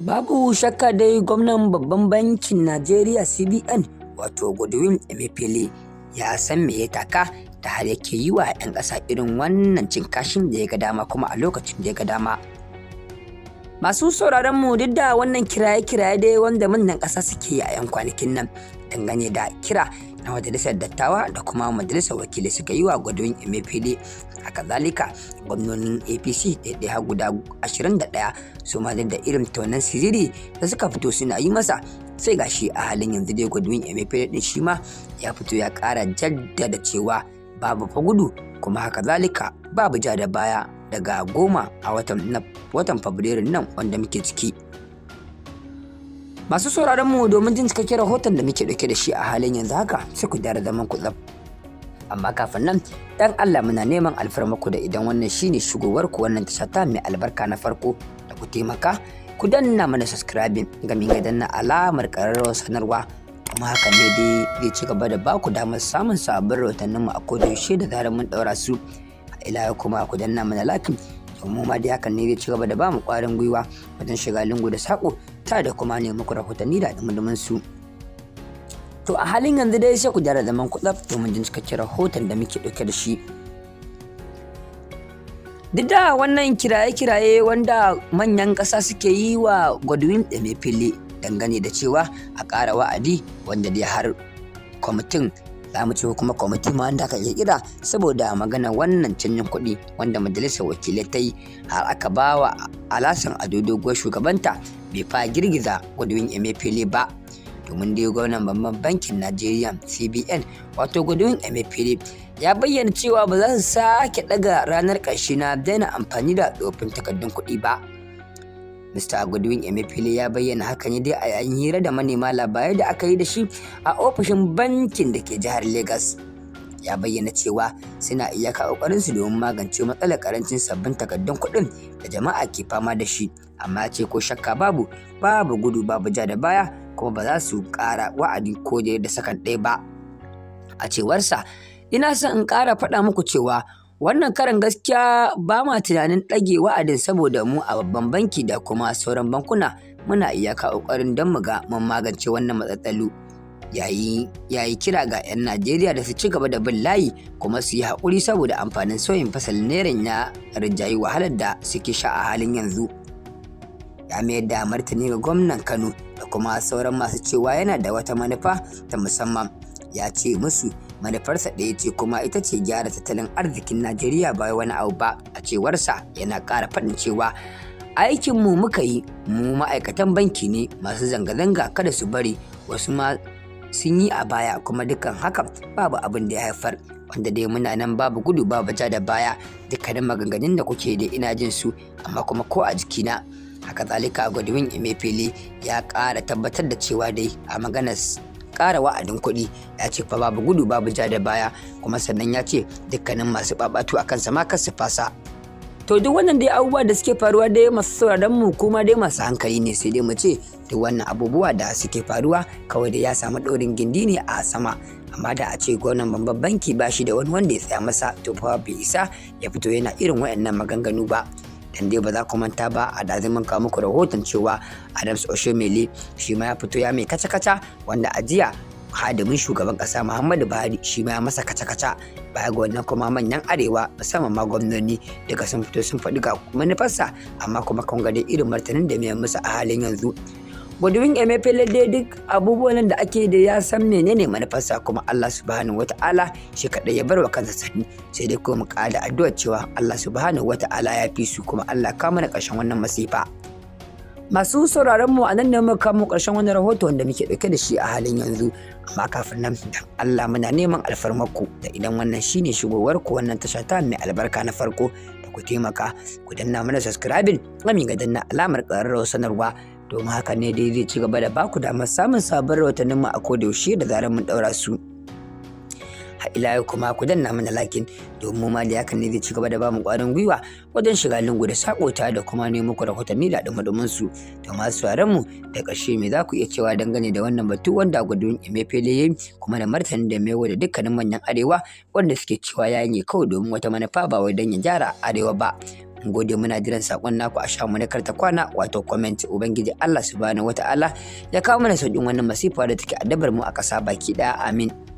Babu shakka dai gwamnan babban bankin Najeriya CBN wato Godwin Emefiele ya san me ya taka da har yake yi wa 'yan ƙasa irin wannan cin kashin da ya ga dama kuma a lokacin da ya ga dama. Masu sauraron mu duk da wannan kiraye-kiraye dai wanda manyan ƙasa suke yi a 'yan kwanakin nan dangane da kira na majalisar dattawa da kuma majalisar wakilai suka yi wa gwadon emefiele haka zalika gwamnonin apc ɗaiɗaya guda 21 su ma da irin taunan siriri da suka fito suna yi masa sai gashi a halin yanzu dai gwadon emefiele ɗin shi ma ya fito ya ƙara jaddada cewa babu fa gudu kuma haka zalika babu ja da baya daga goma a watan fabrairun nan wanda muke ciki masu sauraron mu domin jin cikakken rahoton da muke dauke da shi a halin yanzu haka sai ku dara zaman ku zab amma kafin nan dan Allah muna neman alfarmaku da idan wannan shine shigowar ku wannan tasha ta mai albarka na farko da ku taimaka ku danna mana subscribing ga ga danna alamar kararrawar sanarwa kuma haka ne dai zai ci gaba da ba ku damar samun sabbin rahotannin mu a kodayaushe da zarar mun daura su ila kuma ku danna mana lakin domin ma dai hakan ne zai ci gaba da ba mu kwarin gwiwa wajen shiga lingu da sako ta da kuma ne muku rahotanni da dumdumin su. To a halin yanzu dai sai ku gyara zaman kuɗaf domin jin cikakken rahoton da muke ɗauke da shi. Duk da wannan kiraye-kiraye wanda manyan ƙasa suke yi wa Godwin fili, dangane da cewa a ƙara wa'adi wanda dai har kwamitin za mu cewa kuma kwamiti ma wanda aka kira saboda magana wannan canjin kuɗi wanda majalisar wakilai ta yi har aka ba wa alasan ado doguwar shugabanta bai fa girgiza gudun emefele ba domin dai gwamnan babban bankin najeriya cbn wato gudun emefele ya bayyana cewa ba za su sake daga ranar karshe na daina amfani da tsofin takardun kuɗi ba Mr. Godwin Emefiele ya bayyana haka ne dai a yayin hira da manema labarai da aka yi da shi a ofishin bankin da ke jihar Legas. Ya bayyana cewa suna iyaka kokarin su domin magance matsalar karancin sabbin takardun kuɗin da jama'a ke fama da shi, amma ce ko shakka babu, babu gudu babu ja da baya kuma ba za su ƙara wa'adi ko da sakan ɗaya ba. A cewarsa, ina son in ƙara faɗa muku cewa Wannan karin gaskiya ba ma tunanin ɗage wa'adin saboda mu a babban banki da kuma sauran bankuna muna iyaka ƙoƙarin don mu ga mun magance wannan matsatsalu. Yayi yayi kira ga 'yan Najeriya da su ci gaba da bin layi kuma su yi haƙuri saboda amfanin sauyin fasalin Naira ya rinjayi wahalar da suke sha a halin yanzu. ya mayar da martani ga gwamnan Kano da kuma sauran masu cewa yana da wata manufa ta musamman ya ce musu manufarsa ɗaya ce kuma ita ce gyara tattalin arzikin najeriya ba wani abu ba a cewarsa yana ƙara faɗin cewa aikin mu muka yi mu ma'aikatan banki ne masu zanga-zanga kada su bari wasu ma sun yi a baya kuma dukan haka babu abin da ya haifar wanda dai muna nan babu gudu babu ja da baya dukkanin maganganun da kuke da ina jin su amma kuma ko a jikina haka zalika godwin emefele ya kara tabbatar da cewa dai a maganar ƙara wa'adin kuɗi ya ce fa babu gudu babu ja da baya kuma sannan ya ce dukkanin masu babatu a kansa ma kar su fasa to duk wannan dai abubuwa da suke faruwa dai masu sauraron mu kuma dai masu hankali ne sai dai mu ce duk wannan abubuwa da suke faruwa kawai da ya samu ɗorin gindi ne a sama amma da a ce gwamnan babban banki ba shi da wani wanda ya tsaya masa to fa bai isa ya fito yana irin waɗannan maganganu ba inda ba za ku manta ba a da zai kawo muku rahoton cewa adams oshomele shi ma ya fito ya mai kaca-kaca wanda a jiya hadimin shugaban kasa muhammadu buhari shi ma ya masa kaca-kaca baya ga wannan kuma manyan arewa musamman ma gwamnoni daga sun fito sun faɗi ga manufarsa amma kuma kan irin martanin da mai musu a halin yanzu Godwin Emefiele dai duk abubuwan da ake da ya san menene manufarsa kuma Allah subhanahu wata'ala shi kaɗai ya bar wa kansa sani sai dai kuma ƙada addu'a cewa Allah subhanahu wata'ala ya fi su kuma Allah kama na ƙarshen wannan masifa. Masu sauraron mu a nan ne mu kamo ƙarshen wannan rahoto wanda muke ɗauke da shi a halin yanzu amma kafin nan dan Allah muna neman alfarmarku da idan wannan shine shigowar ku wannan tasha ta mai albarka na farko da ku taimaka ku danna mana subscribing ga danna alamar ƙararrawar sanarwa domin haka ne dai zai ci gaba da baku damar samun sabon rahotannin mu a daushe da zarar mun daura su ila yau kuma ku danna mana lakin domin ma da yakan ne zai ci gaba da bamu kwarin gwiwa wajen shiga lungu da sakota da kuma ne muku rahotanni da dumadumin su ma masu mu da karshe me za ku iya cewa dangane da wannan batu wanda gudun imefele yayi kuma da martani da mewa da dukkanin manyan arewa wanda suke cewa ya yi kawai domin wata manufa ba wai don ya gyara arewa ba gode muna jiran sakon naku a sha mu na karta kwana wato comment ubangiji Allah subhanahu wataala ya kawo mana saukin wannan masifa da take addabar mu a ƙasa baki ɗaya amin